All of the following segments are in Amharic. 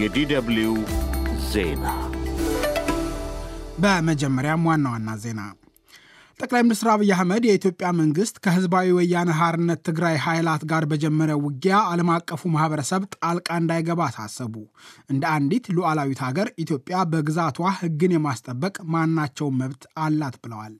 የዲደብሊው ዜና በመጀመሪያም ዋና ዋና ዜና ጠቅላይ ሚኒስትር አብይ አህመድ የኢትዮጵያ መንግስት ከህዝባዊ ወያነ ሐርነት ትግራይ ኃይላት ጋር በጀመረ ውጊያ ዓለም አቀፉ ማህበረሰብ ጣልቃ እንዳይገባ አሳሰቡ። እንደ አንዲት ሉዓላዊት ሀገር ኢትዮጵያ በግዛቷ ህግን የማስጠበቅ ማናቸውን መብት አላት ብለዋል።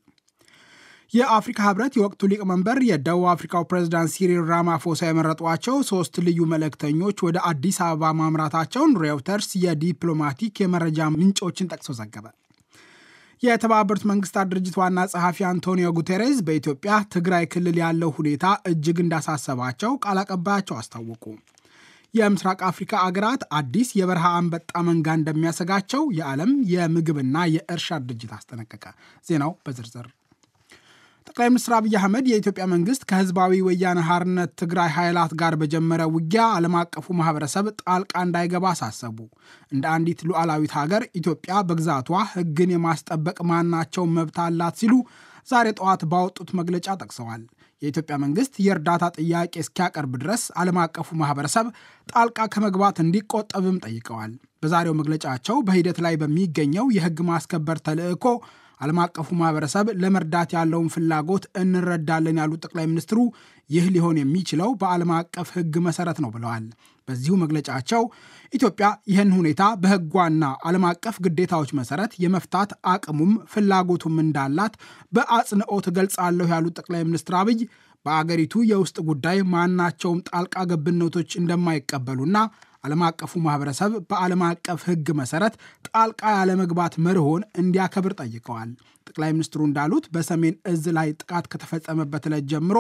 የአፍሪካ ህብረት የወቅቱ ሊቀመንበር የደቡብ አፍሪካው ፕሬዝዳንት ሲሪል ራማፎሳ የመረጧቸው ሶስት ልዩ መልእክተኞች ወደ አዲስ አበባ ማምራታቸውን ሬውተርስ የዲፕሎማቲክ የመረጃ ምንጮችን ጠቅሶ ዘገበ። የተባበሩት መንግስታት ድርጅት ዋና ጸሐፊ አንቶኒዮ ጉቴሬዝ በኢትዮጵያ ትግራይ ክልል ያለው ሁኔታ እጅግ እንዳሳሰባቸው ቃል አቀባያቸው አስታወቁ። የምስራቅ አፍሪካ አገራት አዲስ የበረሃ አንበጣ መንጋ እንደሚያሰጋቸው የዓለም የምግብና የእርሻ ድርጅት አስጠነቀቀ። ዜናው በዝርዝር ጠቅላይ ሚኒስትር አብይ አህመድ የኢትዮጵያ መንግስት ከህዝባዊ ወያነ ሐርነት ትግራይ ኃይላት ጋር በጀመረ ውጊያ ዓለም አቀፉ ማህበረሰብ ጣልቃ እንዳይገባ አሳሰቡ። እንደ አንዲት ሉዓላዊት ሀገር ኢትዮጵያ በግዛቷ ህግን የማስጠበቅ ማናቸው መብት አላት ሲሉ ዛሬ ጠዋት ባወጡት መግለጫ ጠቅሰዋል። የኢትዮጵያ መንግስት የእርዳታ ጥያቄ እስኪያቀርብ ድረስ ዓለም አቀፉ ማህበረሰብ ጣልቃ ከመግባት እንዲቆጠብም ጠይቀዋል። በዛሬው መግለጫቸው በሂደት ላይ በሚገኘው የህግ ማስከበር ተልዕኮ ዓለም አቀፉ ማህበረሰብ ለመርዳት ያለውን ፍላጎት እንረዳለን ያሉት ጠቅላይ ሚኒስትሩ ይህ ሊሆን የሚችለው በዓለም አቀፍ ሕግ መሰረት ነው ብለዋል። በዚሁ መግለጫቸው ኢትዮጵያ ይህን ሁኔታ በሕጓና ዓለም አቀፍ ግዴታዎች መሰረት የመፍታት አቅሙም ፍላጎቱም እንዳላት በአጽንኦት እገልጻለሁ ያሉት ጠቅላይ ሚኒስትር አብይ በአገሪቱ የውስጥ ጉዳይ ማናቸውም ጣልቃ ገብነቶች እንደማይቀበሉና ዓለም አቀፉ ማህበረሰብ በዓለም አቀፍ ሕግ መሰረት ጣልቃ ያለመግባት መርሆን እንዲያከብር ጠይቀዋል። ጠቅላይ ሚኒስትሩ እንዳሉት በሰሜን እዝ ላይ ጥቃት ከተፈጸመበት ዕለት ጀምሮ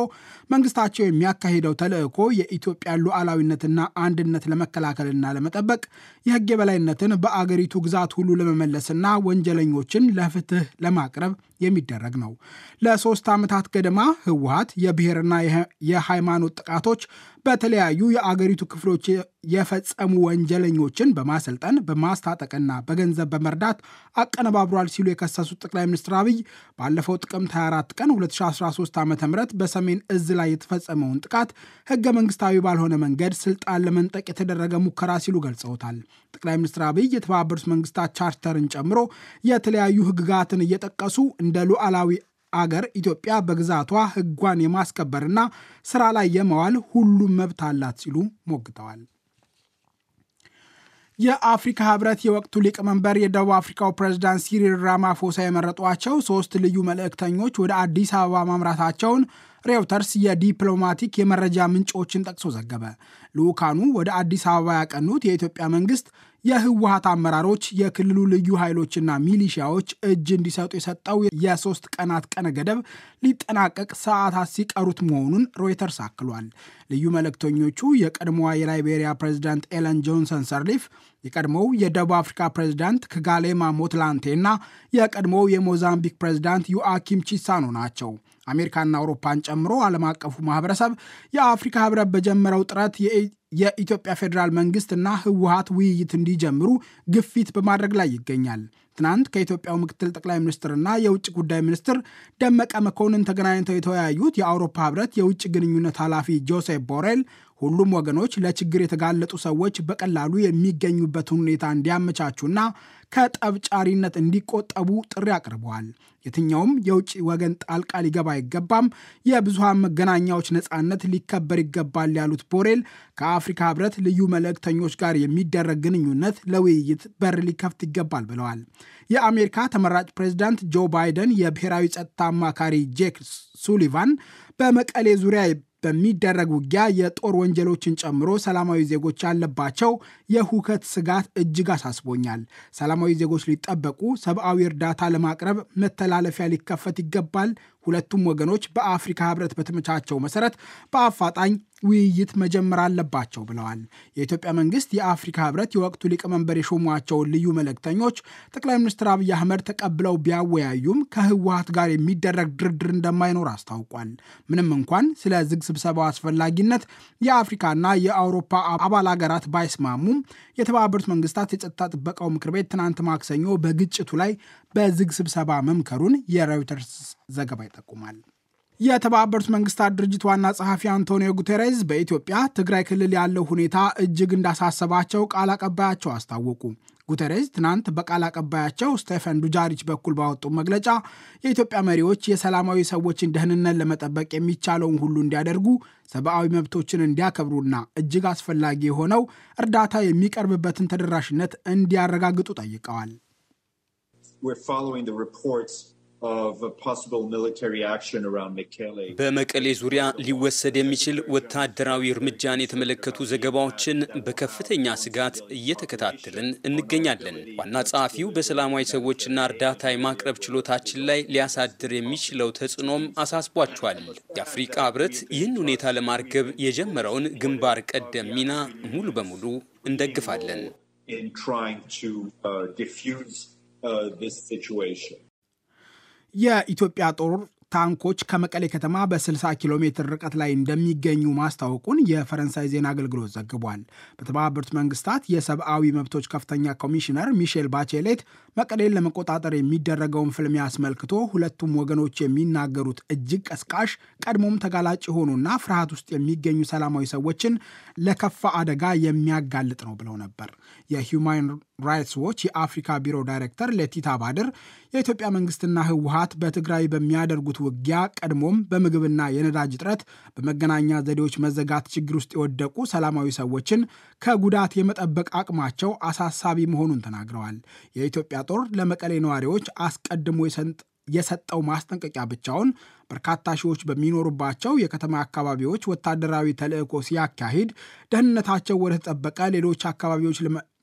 መንግስታቸው የሚያካሂደው ተልእኮ የኢትዮጵያ ሉዓላዊነትና አንድነት ለመከላከልና ለመጠበቅ የህግ የበላይነትን በአገሪቱ ግዛት ሁሉ ለመመለስና ወንጀለኞችን ለፍትህ ለማቅረብ የሚደረግ ነው። ለሶስት ዓመታት ገደማ ህወሀት የብሔርና የሃይማኖት ጥቃቶች በተለያዩ የአገሪቱ ክፍሎች የፈጽ የፈጸሙ ወንጀለኞችን በማሰልጠን በማስታጠቅና በገንዘብ በመርዳት አቀነባብሯል ሲሉ የከሰሱት ጠቅላይ ሚኒስትር አብይ ባለፈው ጥቅምት 24 ቀን 2013 ዓ ም በሰሜን እዝ ላይ የተፈጸመውን ጥቃት ህገ መንግስታዊ ባልሆነ መንገድ ስልጣን ለመንጠቅ የተደረገ ሙከራ ሲሉ ገልጸውታል። ጠቅላይ ሚኒስትር አብይ የተባበሩት መንግስታት ቻርተርን ጨምሮ የተለያዩ ህግጋትን እየጠቀሱ እንደ ሉዓላዊ አገር ኢትዮጵያ በግዛቷ ህጓን የማስከበርና ስራ ላይ የመዋል ሁሉም መብት አላት ሲሉ ሞግተዋል። የአፍሪካ ህብረት የወቅቱ ሊቀመንበር የደቡብ አፍሪካው ፕሬዝዳንት ሲሪል ራማፎሳ የመረጧቸው ሶስት ልዩ መልእክተኞች ወደ አዲስ አበባ ማምራታቸውን ሬውተርስ የዲፕሎማቲክ የመረጃ ምንጮችን ጠቅሶ ዘገበ። ልዑካኑ ወደ አዲስ አበባ ያቀኑት የኢትዮጵያ መንግስት የህወሀት አመራሮች የክልሉ ልዩ ኃይሎችና ሚሊሺያዎች እጅ እንዲሰጡ የሰጠው የሶስት ቀናት ቀነ ገደብ ሊጠናቀቅ ሰዓታት ሲቀሩት መሆኑን ሮይተርስ አክሏል። ልዩ መልእክተኞቹ የቀድሞዋ የላይቤሪያ ፕሬዚዳንት ኤለን ጆንሰን ሰርሊፍ፣ የቀድሞው የደቡብ አፍሪካ ፕሬዚዳንት ክጋሌማ ሞትላንቴ እና የቀድሞው የሞዛምቢክ ፕሬዚዳንት ዩአኪም ቺሳኖ ናቸው። አሜሪካና አውሮፓን ጨምሮ ዓለም አቀፉ ማህበረሰብ የአፍሪካ ህብረት በጀመረው ጥረት የኢትዮጵያ ፌዴራል መንግስትና ህወሀት ውይይት እንዲጀምሩ ግፊት በማድረግ ላይ ይገኛል። ትናንት ከኢትዮጵያው ምክትል ጠቅላይ ሚኒስትርና የውጭ ጉዳይ ሚኒስትር ደመቀ መኮንን ተገናኝተው የተወያዩት የአውሮፓ ህብረት የውጭ ግንኙነት ኃላፊ ጆሴፍ ቦሬል ሁሉም ወገኖች ለችግር የተጋለጡ ሰዎች በቀላሉ የሚገኙበትን ሁኔታ እንዲያመቻቹና ከጠብጫሪነት እንዲቆጠቡ ጥሪ አቅርበዋል። የትኛውም የውጭ ወገን ጣልቃ ሊገባ አይገባም፣ የብዙሃን መገናኛዎች ነፃነት ሊከበር ይገባል ያሉት ቦሬል ከአፍሪካ ህብረት ልዩ መልእክተኞች ጋር የሚደረግ ግንኙነት ለውይይት በር ሊከፍት ይገባል ብለዋል። የአሜሪካ ተመራጭ ፕሬዚዳንት ጆ ባይደን የብሔራዊ ጸጥታ አማካሪ ጄክ ሱሊቫን በመቀሌ ዙሪያ በሚደረግ ውጊያ የጦር ወንጀሎችን ጨምሮ ሰላማዊ ዜጎች ያለባቸው የሁከት ስጋት እጅግ አሳስቦኛል። ሰላማዊ ዜጎች ሊጠበቁ፣ ሰብአዊ እርዳታ ለማቅረብ መተላለፊያ ሊከፈት ይገባል ሁለቱም ወገኖች በአፍሪካ ህብረት በተመቻቸው መሰረት በአፋጣኝ ውይይት መጀመር አለባቸው ብለዋል። የኢትዮጵያ መንግስት የአፍሪካ ህብረት የወቅቱ ሊቀመንበር የሾሟቸውን ልዩ መልእክተኞች ጠቅላይ ሚኒስትር አብይ አህመድ ተቀብለው ቢያወያዩም ከህወሀት ጋር የሚደረግ ድርድር እንደማይኖር አስታውቋል። ምንም እንኳን ስለ ዝግ ስብሰባው አስፈላጊነት የአፍሪካና የአውሮፓ አባል አገራት ባይስማሙም የተባበሩት መንግስታት የጸጥታ ጥበቃው ምክር ቤት ትናንት ማክሰኞ በግጭቱ ላይ በዝግ ስብሰባ መምከሩን የሮይተርስ ዘገባ ይጠቁማል። የተባበሩት መንግስታት ድርጅት ዋና ጸሐፊ አንቶኒዮ ጉቴሬዝ በኢትዮጵያ ትግራይ ክልል ያለው ሁኔታ እጅግ እንዳሳሰባቸው ቃል አቀባያቸው አስታወቁ። ጉተሬዝ ትናንት በቃል አቀባያቸው ስቴፈን ዱጃሪች በኩል ባወጡ መግለጫ የኢትዮጵያ መሪዎች የሰላማዊ ሰዎችን ደህንነት ለመጠበቅ የሚቻለውን ሁሉ እንዲያደርጉ፣ ሰብአዊ መብቶችን እንዲያከብሩና እጅግ አስፈላጊ የሆነው እርዳታ የሚቀርብበትን ተደራሽነት እንዲያረጋግጡ ጠይቀዋል። በመቀሌ ዙሪያ ሊወሰድ የሚችል ወታደራዊ እርምጃን የተመለከቱ ዘገባዎችን በከፍተኛ ስጋት እየተከታተልን እንገኛለን። ዋና ጸሐፊው በሰላማዊ ሰዎችና እርዳታ የማቅረብ ችሎታችን ላይ ሊያሳድር የሚችለው ተጽዕኖም አሳስቧቸዋል። የአፍሪቃ ህብረት ይህን ሁኔታ ለማርገብ የጀመረውን ግንባር ቀደም ሚና ሙሉ በሙሉ እንደግፋለን። የኢትዮጵያ ጦር ታንኮች ከመቀሌ ከተማ በ60 ኪሎ ሜትር ርቀት ላይ እንደሚገኙ ማስታወቁን የፈረንሳይ ዜና አገልግሎት ዘግቧል። በተባበሩት መንግስታት የሰብአዊ መብቶች ከፍተኛ ኮሚሽነር ሚሼል ባቼሌት መቀሌን ለመቆጣጠር የሚደረገውን ፍልሚያ አስመልክቶ ሁለቱም ወገኖች የሚናገሩት እጅግ ቀስቃሽ፣ ቀድሞም ተጋላጭ የሆኑና ፍርሃት ውስጥ የሚገኙ ሰላማዊ ሰዎችን ለከፋ አደጋ የሚያጋልጥ ነው ብለው ነበር። የሂውማን ራይትስ ዎች የአፍሪካ ቢሮ ዳይሬክተር ለቲታ ባድር የኢትዮጵያ መንግስትና ህወሀት በትግራይ በሚያደርጉት ውጊያ ቀድሞም በምግብና የነዳጅ እጥረት በመገናኛ ዘዴዎች መዘጋት ችግር ውስጥ የወደቁ ሰላማዊ ሰዎችን ከጉዳት የመጠበቅ አቅማቸው አሳሳቢ መሆኑን ተናግረዋል። የኢትዮጵያ ጦር ለመቀሌ ነዋሪዎች አስቀድሞ የሰጠው ማስጠንቀቂያ ብቻውን በርካታ ሺዎች በሚኖሩባቸው የከተማ አካባቢዎች ወታደራዊ ተልዕኮ ሲያካሂድ ደህንነታቸው ወደ ተጠበቀ ሌሎች አካባቢዎች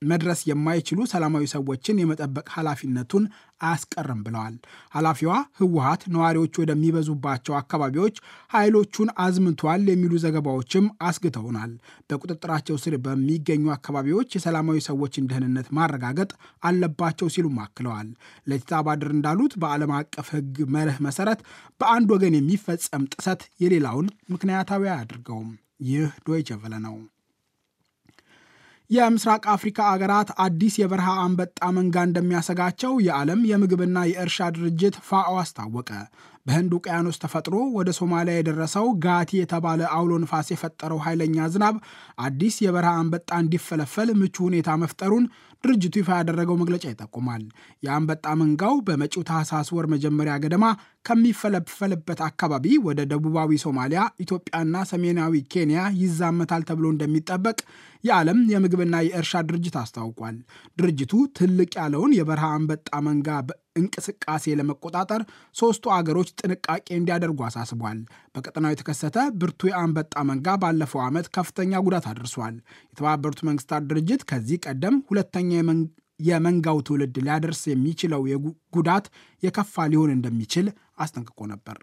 መድረስ የማይችሉ ሰላማዊ ሰዎችን የመጠበቅ ኃላፊነቱን አያስቀርም ብለዋል። ኃላፊዋ ህወሀት ነዋሪዎች ወደሚበዙባቸው አካባቢዎች ኃይሎቹን አዝምቷል የሚሉ ዘገባዎችም አስግተውናል። በቁጥጥራቸው ስር በሚገኙ አካባቢዎች የሰላማዊ ሰዎችን ደህንነት ማረጋገጥ አለባቸው ሲሉም አክለዋል። ለቲታ ባድር እንዳሉት በዓለም አቀፍ ህግ መርህ መሰረት በአንድ ወገን የሚፈጸም ጥሰት የሌላውን ምክንያታዊ አያድርገውም። ይህ ዶይቸ ነው። የምስራቅ አፍሪካ አገራት አዲስ የበረሃ አንበጣ መንጋ እንደሚያሰጋቸው የዓለም የምግብና የእርሻ ድርጅት ፋኦ አስታወቀ። በህንድ ውቅያኖስ ተፈጥሮ ወደ ሶማሊያ የደረሰው ጋቲ የተባለ አውሎ ንፋስ የፈጠረው ኃይለኛ ዝናብ አዲስ የበረሃ አንበጣ እንዲፈለፈል ምቹ ሁኔታ መፍጠሩን ድርጅቱ ይፋ ያደረገው መግለጫ ይጠቁማል። የአንበጣ መንጋው በመጪው ታህሳስ ወር መጀመሪያ ገደማ ከሚፈለፈልበት አካባቢ ወደ ደቡባዊ ሶማሊያ፣ ኢትዮጵያና ሰሜናዊ ኬንያ ይዛመታል ተብሎ እንደሚጠበቅ የዓለም የምግብና የእርሻ ድርጅት አስታውቋል። ድርጅቱ ትልቅ ያለውን የበረሃ አንበጣ መንጋ እንቅስቃሴ ለመቆጣጠር ሶስቱ አገሮች ጥንቃቄ እንዲያደርጉ አሳስቧል። በቀጠናው የተከሰተ ብርቱ የአንበጣ መንጋ ባለፈው ዓመት ከፍተኛ ጉዳት አድርሷል። የተባበሩት መንግስታት ድርጅት ከዚህ ቀደም ሁለተኛ የመንጋው ትውልድ ሊያደርስ የሚችለው ጉዳት የከፋ ሊሆን እንደሚችል አስጠንቅቆ ነበር።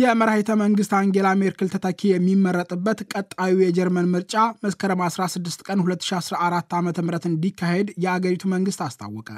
የመራሂተ መንግስት አንጌላ ሜርክል ተተኪ የሚመረጥበት ቀጣዩ የጀርመን ምርጫ መስከረም 16 ቀን 2014 ዓ ም እንዲካሄድ የአገሪቱ መንግስት አስታወቀ።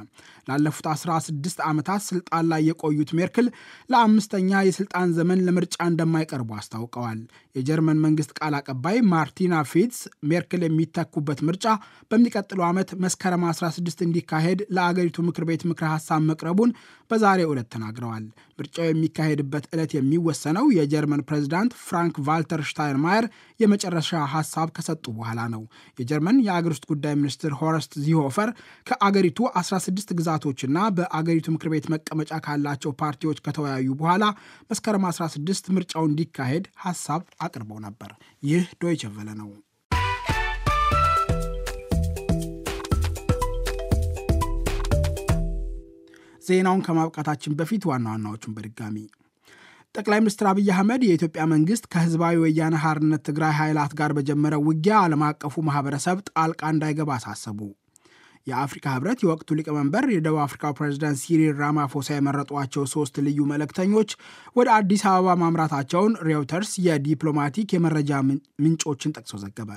ላለፉት 16 ዓመታት ስልጣን ላይ የቆዩት ሜርክል ለአምስተኛ የስልጣን ዘመን ለምርጫ እንደማይቀርቡ አስታውቀዋል። የጀርመን መንግስት ቃል አቀባይ ማርቲና ፊትስ ሜርክል የሚተኩበት ምርጫ በሚቀጥለው ዓመት መስከረም 16 እንዲካሄድ ለአገሪቱ ምክር ቤት ምክረ ሀሳብ መቅረቡን በዛሬ ዕለት ተናግረዋል። ምርጫው የሚካሄድበት ዕለት የሚወ የተወሰነው የጀርመን ፕሬዚዳንት ፍራንክ ቫልተር ሽታይንማየር የመጨረሻ ሀሳብ ከሰጡ በኋላ ነው። የጀርመን የአገር ውስጥ ጉዳይ ሚኒስትር ሆረስት ዚሆፈር ከአገሪቱ 16 ግዛቶችና በአገሪቱ ምክር ቤት መቀመጫ ካላቸው ፓርቲዎች ከተወያዩ በኋላ መስከረም 16 ምርጫው እንዲካሄድ ሀሳብ አቅርበው ነበር። ይህ ዶይቸ ቬለ ነው። ዜናውን ከማብቃታችን በፊት ዋና ዋናዎቹን በድጋሚ ጠቅላይ ሚኒስትር አብይ አህመድ የኢትዮጵያ መንግስት ከህዝባዊ ወያነ ሐርነት ትግራይ ኃይላት ጋር በጀመረው ውጊያ ዓለም አቀፉ ማህበረሰብ ጣልቃ እንዳይገባ አሳሰቡ። የአፍሪካ ህብረት የወቅቱ ሊቀመንበር የደቡብ አፍሪካው ፕሬዚዳንት ሲሪል ራማፎሳ የመረጧቸው ሶስት ልዩ መልእክተኞች ወደ አዲስ አበባ ማምራታቸውን ሬውተርስ የዲፕሎማቲክ የመረጃ ምንጮችን ጠቅሶ ዘገበ።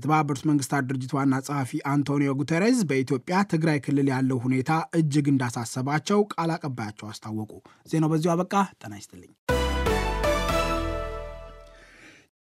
የተባበሩት መንግስታት ድርጅት ዋና ጸሐፊ አንቶኒዮ ጉተሬዝ በኢትዮጵያ ትግራይ ክልል ያለው ሁኔታ እጅግ እንዳሳሰባቸው ቃል አቀባያቸው አስታወቁ። ዜናው በዚሁ አበቃ። ጤና ይስጥልኝ።